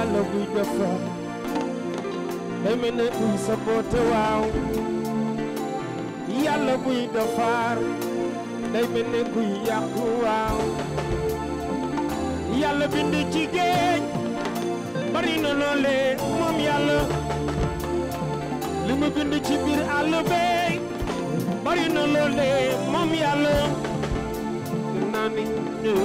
yàlla buy defar day mel ne buy saboote waaw yàlla buy defar day mel ne buy yàqu waaw yàlla bind ci géej bari na loole moom yàlla li biir àll bey bari na loole moom yàlla naa ni ñëw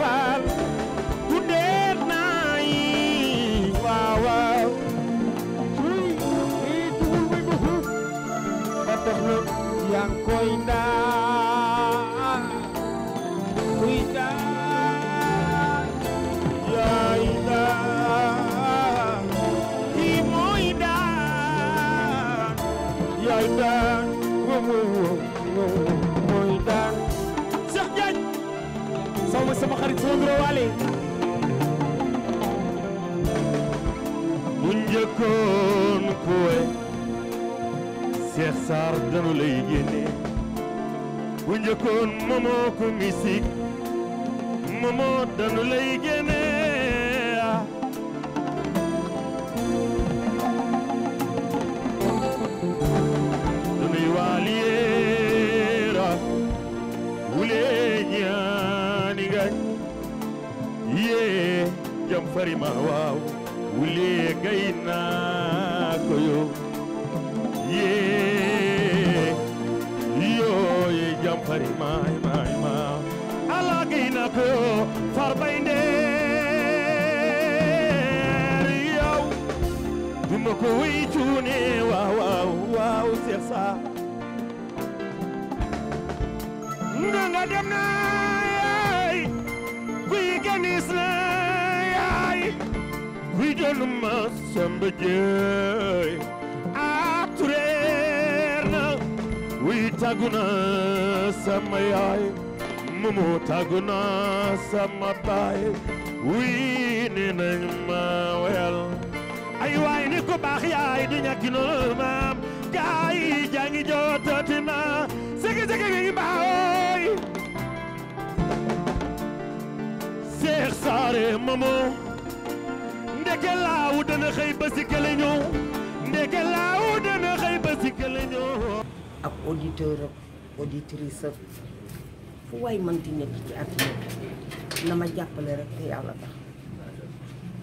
faal ku deet naa yi waaw waaw ii duul muy bu hub ba tax na yaa ngi ndaa bu njëkkoon kuwe Seex Saar danu lay génne bu moomoo ku misik moomoo danu lay génne danuy waaliyeera wulee ñaani ngañ yee jam farima naa ko yee yoo ye maay maay maa ala gay naa ko yow far bay ndeer yow duma ko wey waaw waaw waaw seex saa nga dem naa jël ma samba a tureer na wii tàggu na sama yaay mumu tàggu na wii ni ma wel ay waay ni ko baax yaay di ñàkki noonu maam gaay jàngi jootati na sege sege gi baay seex saare mumu ndeke laaw dana xëy ba si kële ñëw ndeke laaw dana xëy ba ñëw ab auditeur ak auditrice ak fu waay mënti nekk ci àddina na ma jàppale rek te yàlla tax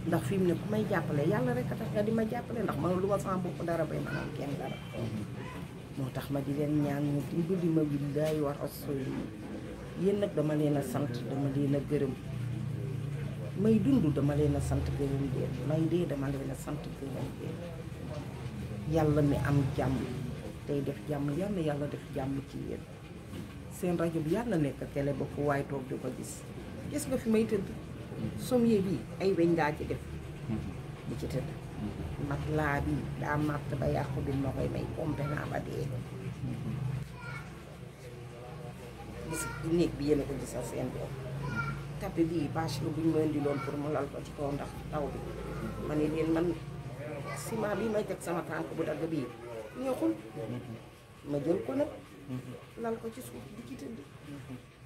ndax fi mu ne ku may jàppale yàlla rek a tax nga di ma jàppale ndax man lu ma sama bopp dara bay ma kenn dara moo tax ma di leen ñaan ñu di ma willaay wa rasuul yéen nag dama leen a sant dama leen a gërëm may dund dama leen sant gërëm leen may dee dama leen sant gërëm leen yàlla mi am jàmm tey def jàmm yàlla yàlla def jàmm ci yéen seen rajo bi yàlla nekk télé ba fu waay toog di ko gis gis nga fi may tëdd sommier bi ay weñ ngaa ci def di ci tëdd mat laa bi daa màtt ba yàqu bi ma koy may pompe naa ba dee gis néeg bi yéen a ko gisal seen bopp tapis bii bâche la bu ñu ma indi loon pour mu lal ko ci kaw ndax taw bi ma ne leen man ciment bii may teg sama tànk bu dagg bii neexul ma jël ko nag lal ko ci suuf di ci tëdd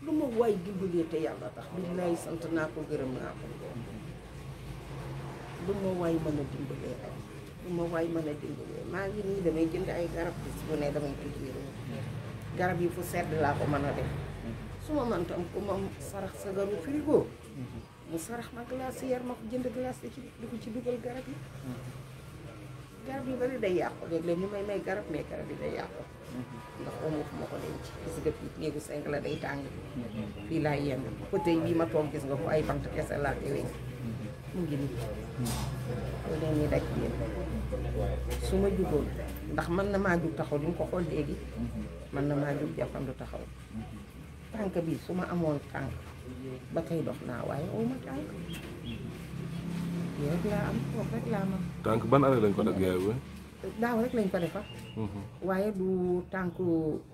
lu ma waay dimbalee te yàlla tax billaay sant naa ko gërëm naa ko lu ma waay mën a dimbalee rek lu ma waay mën a dimbalee maa ngi nii damay jënd ay garab bis bu ne damay ko jiiroo garab yi fu sedd laa ko mën a def su ma mënta am ku ma sarax sagaru frigo mu sarax ma glacière ma ko jënd glace ci dugal garab yi garab yu bari day yàqu léeg-léeg ñu may garab mais garab yi day yàqu ndax ma ko denc gis nga fii néegu cinq la day tàng fii laay yendu fauteuil bii ma toog gis nga ko ay bant kese laa koy weñ mu ngi nii loolu leen ñi daj yéen su ma jugoon ndax mën na maa jug taxaw di ko xool léegi mën na maa jug jàppandu taxaw franka bi su ma amoon bắt ba đọc nào ấy, waaye aw ma tànk là ăn một cách làm rek laa am. tànk ban année lañ ko dagg yaay daaw rek lañ ko defar mhm. waaye du tànku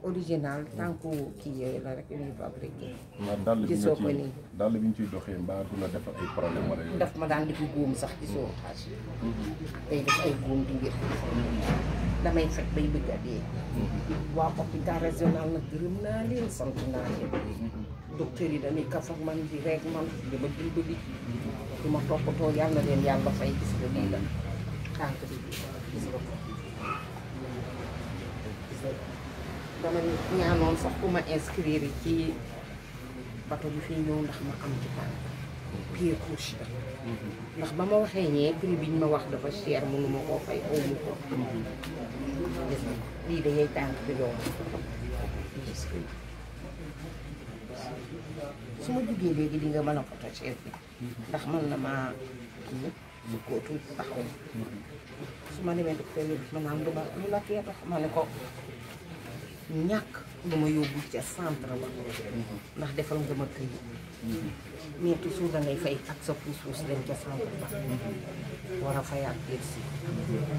original tànku kii yooyu la rek ñuy fabriqué gisoo ko nii dàll bi ñu ciy doxee mbaa du la def ay problème wala yooyu daf ma daan di ko góom sax gisoo xaaj mhm. day def ay góom damay fekk bay bëgg a dee mhm. waa hôpital régional nag gërëm naa leen sant naa leen docteur yi dañuy kaf ak man di rek man di ma dimbali di ma toppatoo yàlla leen yàlla fay gis nga lii la tànk bi gis dama ñaanoon sax ku ma inscrire ci bato bi fii ñëw ndax ma am ci tànk pied couche la euh, ndax ba ma waxee ñee prix biñ ma wax dafa cher mënu ma koo fay awmu lii dañuy tànk bi yow su ma jugee léegi di nga mën a photo chaise bi ndax man na maa kii goto taxaw su ma demee docteur bi daf ma naan lu ma lu la tee tax ma ne ko ñàkk lu ma yóbbu ca centre ba ndax defal nga ma këy mais toujours da ngay fay ak sa puus-puus dem ca centre ba war a fayaat biir si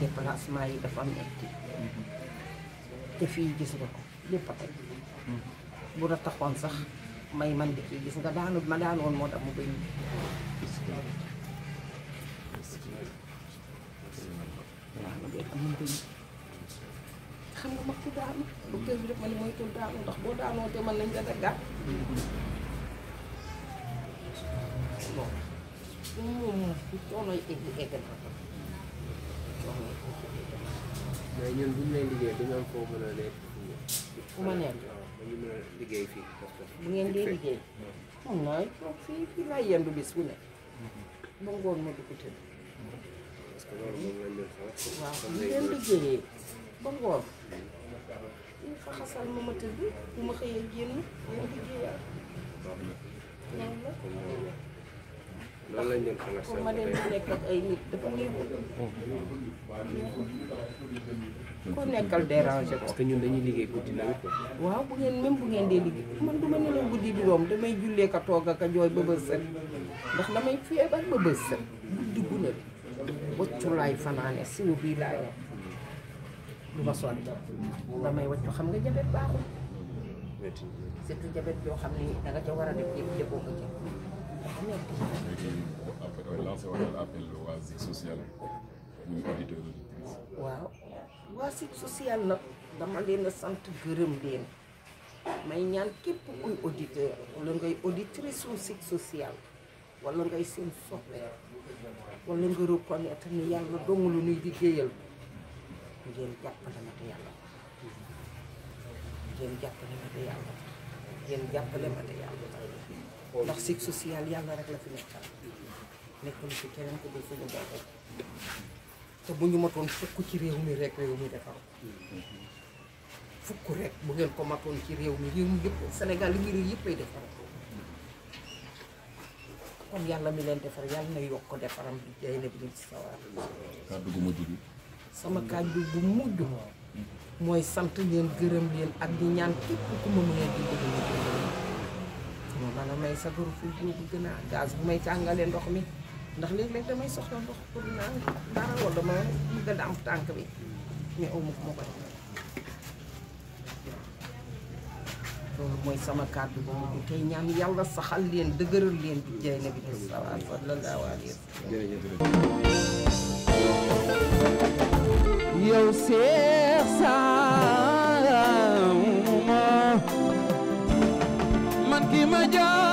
déplacement yi dafa metti te fii gis nga ko lépp may man di kii gis nga waaw nag yéen mungkin. nañu xam nga mag ci daanu. docteur bi def ma ni moytul daanu ndax boo daanoo te mën nañu la daggaat. bon bukan moom coono yi egg egg na ko. coono yi Bukan dia? ko. mais ñun bu ñu lay liggéey dañu am waaw ngeen liggéeyee ba ngoon ñu fa ma ma tëdd bu ma xëyee génn ngeen liggéeyaat loolu la ndax pour ma dem di nekk ak ay nit dafa néew. ko nekkal déranger parce que ñun dañuy liggéey guddi nawet ko. waaw bu ngeen même bu ngeen dee liggéey man du ma nelaw guddi bi doom damay jullee ka toog ak a jooy ba set ndax damay feebar ba set. waccu laay fanaane siw ma sori damay waccu xam nga yoo xam ni da war a def ko ci dafa metti léegi lancé wala appel waa Zik Social waaw waa Zik Social nag dama leen sant gërëm leen may ñaan képp kuy auditeur wala ngay auditrice su Social wala ngay seen soppe wala nga reconnaître ni yàlla dong lu nuy liggéeyal ngeen jàppale yàlla ngeen jàppale yàlla ndax sig social yàlla rek la fi nekkal nekkul fi keneen ko dul suñu bopp te bu ñu matoon fukk ci réew mi rek réew mi defar fukk rek bu ngeen ko matoon ci réew mi réew mi yëpp Sénégal li ngi réew yëppay defar kon yàlla mi leen defar yàlla na yokk defaram bi jaay na bi ci sawar bi kàddu bu mujj mooy sant leen gërëm leen ak di ñaan képp ku mën a dimbali ma may sagaru fu boobu bu may tàngalee ndox mi ndax léeg-léeg damay soxla ndox pour naan dara wala dama gën a am tànk bi mais aw ma ko ma loolu mooy sama kàddu bu mujj tey ñaan seex saama man ki ma